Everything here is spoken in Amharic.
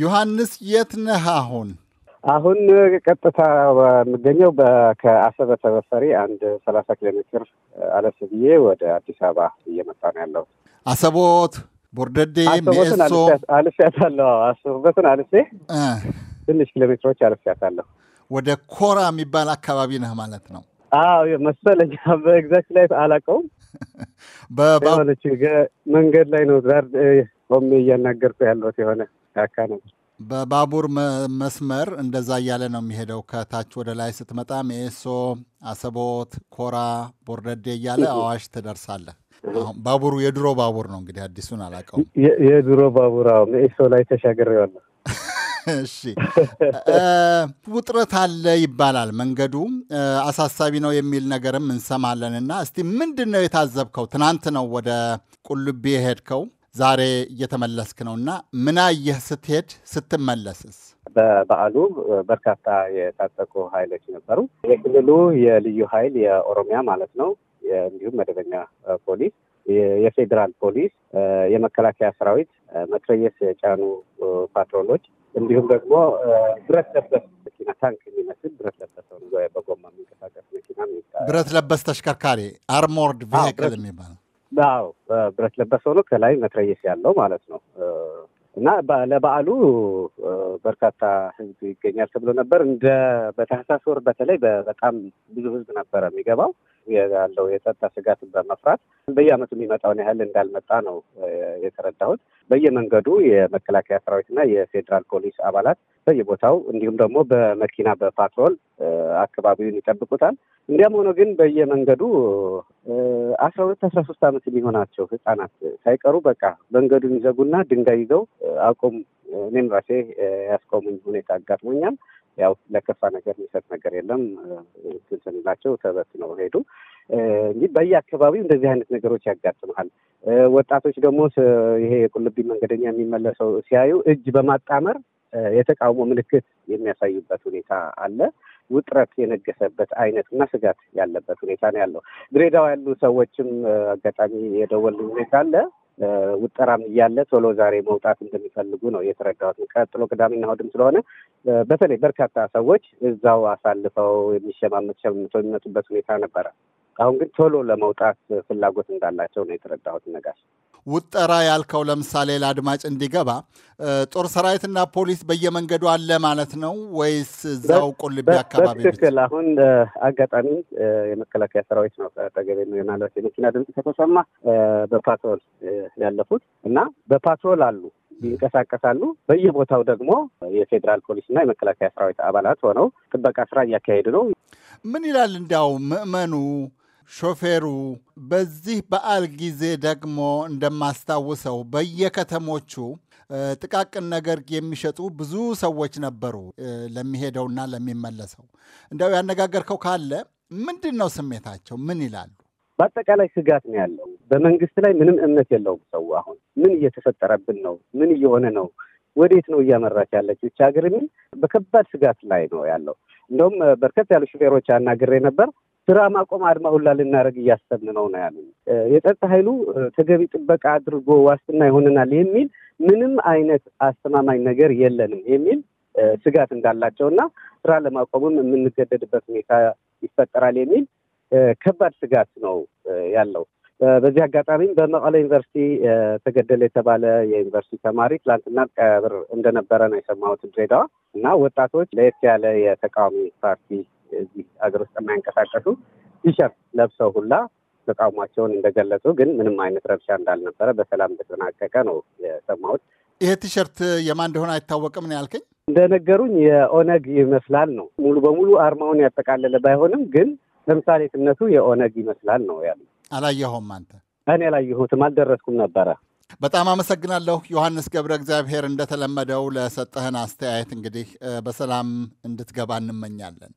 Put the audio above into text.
ዮሐንስ የት ነህ አሁን? አሁን ቀጥታ የምገኘው ከአሰበ ተበፈሪ አንድ ሰላሳ ኪሎ ሜትር አለፍ ብዬ ወደ አዲስ አበባ እየመጣ ነው ያለው። አሰቦት፣ ቦርደዴ፣ ሜሶ አልፌያታለሁ። አሰቦትን አልፌ ትንሽ ኪሎ ሜትሮች አልፌያታለሁ። ወደ ኮራ የሚባል አካባቢ ነህ ማለት ነው? አዎ መሰለኝ። በኤግዛክት ላይ አላውቀውም። በሆነች መንገድ ላይ ነው ዛር ቆሜ እያናገርኩ ያለሁት የሆነ በባቡር መስመር እንደዛ እያለ ነው የሚሄደው። ከታች ወደ ላይ ስትመጣ ሜሶ፣ አሰቦት፣ ኮራ፣ ቦርደዴ እያለ አዋሽ ትደርሳለህ። ባቡሩ የድሮ ባቡር ነው እንግዲህ፣ አዲሱን አላውቀውም። የድሮ ባቡር አዎ፣ ሜሶ ላይ ተሻግሬዋለሁ። እሺ፣ ውጥረት አለ ይባላል። መንገዱ አሳሳቢ ነው የሚል ነገርም እንሰማለን። እና እስቲ ምንድን ነው የታዘብከው? ትናንት ነው ወደ ቁልቢ የሄድከው ዛሬ እየተመለስክ ነውና ምን አየህ ስትሄድ ስትመለስስ? በበዓሉ በርካታ የታጠቁ ኃይሎች ነበሩ። የክልሉ የልዩ ኃይል የኦሮሚያ ማለት ነው፣ እንዲሁም መደበኛ ፖሊስ፣ የፌዴራል ፖሊስ፣ የመከላከያ ሰራዊት፣ መትረየስ የጫኑ ፓትሮሎች እንዲሁም ደግሞ ብረት ለበስ መኪና ታንክ የሚመስል ብረት ለበሰው በጎማ የሚንቀሳቀስ መኪና ብረት ለበስ ተሽከርካሪ አርሞርድ ቪክል የሚባለው ው ብረት ለበስ ሆኖ ከላይ መትረየስ ያለው ማለት ነው። እና ለበዓሉ በርካታ ህዝብ ይገኛል ተብሎ ነበር። እንደ በታህሳስ ወር በተለይ በጣም ብዙ ህዝብ ነበረ የሚገባው ያለው የጸጥታ ስጋትን በመፍራት በየአመቱ የሚመጣውን ያህል እንዳልመጣ ነው የተረዳሁት። በየመንገዱ የመከላከያ ሰራዊትና የፌዴራል ፖሊስ አባላት በየቦታው እንዲሁም ደግሞ በመኪና በፓትሮል አካባቢውን ይጠብቁታል። እንዲያም ሆኖ ግን በየመንገዱ አስራ ሁለት አስራ ሶስት ዓመት የሚሆናቸው ህጻናት ሳይቀሩ በቃ መንገዱን ይዘጉና ድንጋይ ይዘው አቁም። እኔም ራሴ ያስቆሙኝ ሁኔታ አጋጥሞኛል። ያው ለከፋ ነገር የሚሰጥ ነገር የለም ስንላቸው ነው ሄዱ። እንግዲህ በየአካባቢው እንደዚህ አይነት ነገሮች ያጋጥመሃል። ወጣቶች ደግሞ ይሄ የቁልቢ መንገደኛ የሚመለሰው ሲያዩ እጅ በማጣመር የተቃውሞ ምልክት የሚያሳዩበት ሁኔታ አለ። ውጥረት የነገሰበት አይነት እና ስጋት ያለበት ሁኔታ ነው ያለው። ድሬዳዋ ያሉ ሰዎችም አጋጣሚ የደወሉ ሁኔታ አለ ውጠራም እያለ ቶሎ ዛሬ መውጣት እንደሚፈልጉ ነው የተረዳሁት። ቀጥሎ ቅዳሜና እሑድም ስለሆነ በተለይ በርካታ ሰዎች እዛው አሳልፈው የሚሸማመት ሸምቶ የሚመጡበት ሁኔታ ነበረ። አሁን ግን ቶሎ ለመውጣት ፍላጎት እንዳላቸው ነው የተረዳሁት ነጋሽ። ውጠራ ያልከው ለምሳሌ ለአድማጭ እንዲገባ ጦር ሰራዊትና ፖሊስ በየመንገዱ አለ ማለት ነው ወይስ እዛው ቁልቢ አካባቢ? በትክክል አሁን አጋጣሚ የመከላከያ ሰራዊት ነው ጠገቤ ማለት የመኪና ድምፅ ከተሰማ በፓትሮል ያለፉት እና በፓትሮል አሉ ይንቀሳቀሳሉ። በየቦታው ደግሞ የፌዴራል ፖሊስና የመከላከያ ሰራዊት አባላት ሆነው ጥበቃ ስራ እያካሄዱ ነው። ምን ይላል እንዲያው ምዕመኑ ሾፌሩ በዚህ በዓል ጊዜ ደግሞ እንደማስታውሰው በየከተሞቹ ጥቃቅን ነገር የሚሸጡ ብዙ ሰዎች ነበሩ፣ ለሚሄደውና ለሚመለሰው። እንዲያው ያነጋገርከው ካለ ምንድን ነው ስሜታቸው? ምን ይላሉ? በአጠቃላይ ስጋት ነው ያለው። በመንግስት ላይ ምንም እምነት የለውም ሰው። አሁን ምን እየተፈጠረብን ነው? ምን እየሆነ ነው? ወዴት ነው እያመራች ያለች ይህች ሀገር? የሚል በከባድ ስጋት ላይ ነው ያለው። እንደውም በርከት ያሉ ሹፌሮች አናግሬ ነበር። ስራ ማቆም አድማ ሁላ ልናደርግ እያሰብን ነው ነው ያሉኝ። የጸጥታ ኃይሉ ተገቢ ጥበቃ አድርጎ ዋስትና ይሆንናል የሚል ምንም አይነት አስተማማኝ ነገር የለንም የሚል ስጋት እንዳላቸው እና ስራ ለማቆምም የምንገደድበት ሁኔታ ይፈጠራል የሚል ከባድ ስጋት ነው ያለው። በዚህ አጋጣሚም በመቀለ ዩኒቨርሲቲ ተገደለ የተባለ የዩኒቨርሲቲ ተማሪ ትላንትና ቀብር እንደነበረ ነው የሰማሁት ድሬዳዋ እና ወጣቶች ለየት ያለ የተቃዋሚ ፓርቲ እዚህ ሀገር ውስጥ የማይንቀሳቀሱ ቲሸርት ለብሰው ሁላ ተቃውሟቸውን እንደገለጹ ግን ምንም አይነት ረብሻ እንዳልነበረ በሰላም እንደተጠናቀቀ ነው የሰማሁት። ይሄ ቲሸርት የማን እንደሆነ አይታወቅም ነው ያልከኝ? እንደነገሩኝ የኦነግ ይመስላል ነው። ሙሉ በሙሉ አርማውን ያጠቃለለ ባይሆንም ግን ተምሳሌትነቱ የኦነግ ይመስላል ነው ያሉ። አላየኸውም አንተ? እኔ አላየሁትም፣ አልደረስኩም ነበረ። በጣም አመሰግናለሁ ዮሐንስ ገብረ እግዚአብሔር፣ እንደተለመደው ለሰጠህን አስተያየት። እንግዲህ በሰላም እንድትገባ እንመኛለን።